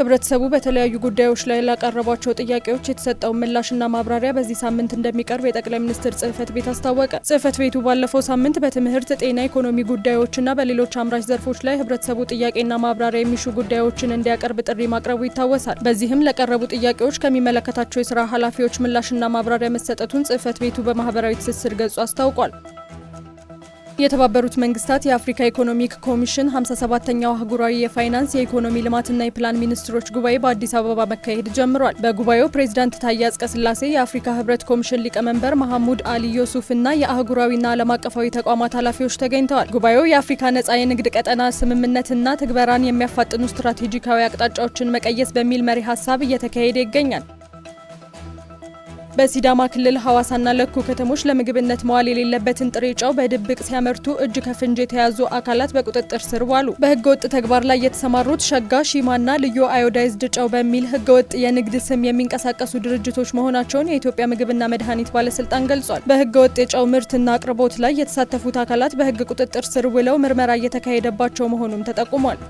ህብረተሰቡ በተለያዩ ጉዳዮች ላይ ላቀረቧቸው ጥያቄዎች የተሰጠውን ምላሽና ማብራሪያ በዚህ ሳምንት እንደሚቀርብ የጠቅላይ ሚኒስትር ጽህፈት ቤት አስታወቀ። ጽህፈት ቤቱ ባለፈው ሳምንት በትምህርት፣ ጤና፣ ኢኮኖሚ ጉዳዮችና በሌሎች አምራች ዘርፎች ላይ ህብረተሰቡ ጥያቄና ማብራሪያ የሚሹ ጉዳዮችን እንዲያቀርብ ጥሪ ማቅረቡ ይታወሳል። በዚህም ለቀረቡ ጥያቄዎች ከሚመለከታቸው የስራ ኃላፊዎች ምላሽና ማብራሪያ መሰጠቱን ጽህፈት ቤቱ በማህበራዊ ትስስር ገጹ አስታውቋል። የተባበሩት መንግስታት የአፍሪካ ኢኮኖሚክ ኮሚሽን 57ኛው አህጉራዊ የፋይናንስ የኢኮኖሚ ልማትና የፕላን ሚኒስትሮች ጉባኤ በአዲስ አበባ መካሄድ ጀምሯል። በጉባኤው ፕሬዚዳንት ታዬ አጽቀሥላሴ፣ የአፍሪካ ህብረት ኮሚሽን ሊቀመንበር መሐሙድ አሊ ዮሱፍ እና የአህጉራዊና ዓለም አቀፋዊ ተቋማት ኃላፊዎች ተገኝተዋል። ጉባኤው የአፍሪካ ነጻ የንግድ ቀጠና ስምምነትና ትግበራን የሚያፋጥኑ ስትራቴጂካዊ አቅጣጫዎችን መቀየስ በሚል መሪ ሀሳብ እየተካሄደ ይገኛል። በሲዳማ ክልል ሐዋሳና ለኩ ከተሞች ለምግብነት መዋል የሌለበትን ጥሬ ጨው በድብቅ ሲያመርቱ እጅ ከፍንጅ የተያዙ አካላት በቁጥጥር ስር ዋሉ። በህገወጥ ተግባር ላይ የተሰማሩት ሸጋ ሺማና ልዩ አዮዳይዝድ ጨው በሚል ህገወጥ ወጥ የንግድ ስም የሚንቀሳቀሱ ድርጅቶች መሆናቸውን የኢትዮጵያ ምግብና መድኃኒት ባለስልጣን ገልጿል። በህገወጥ የጨው ምርትና አቅርቦት ላይ የተሳተፉት አካላት በህግ ቁጥጥር ስር ውለው ምርመራ እየተካሄደባቸው መሆኑም ተጠቁሟል።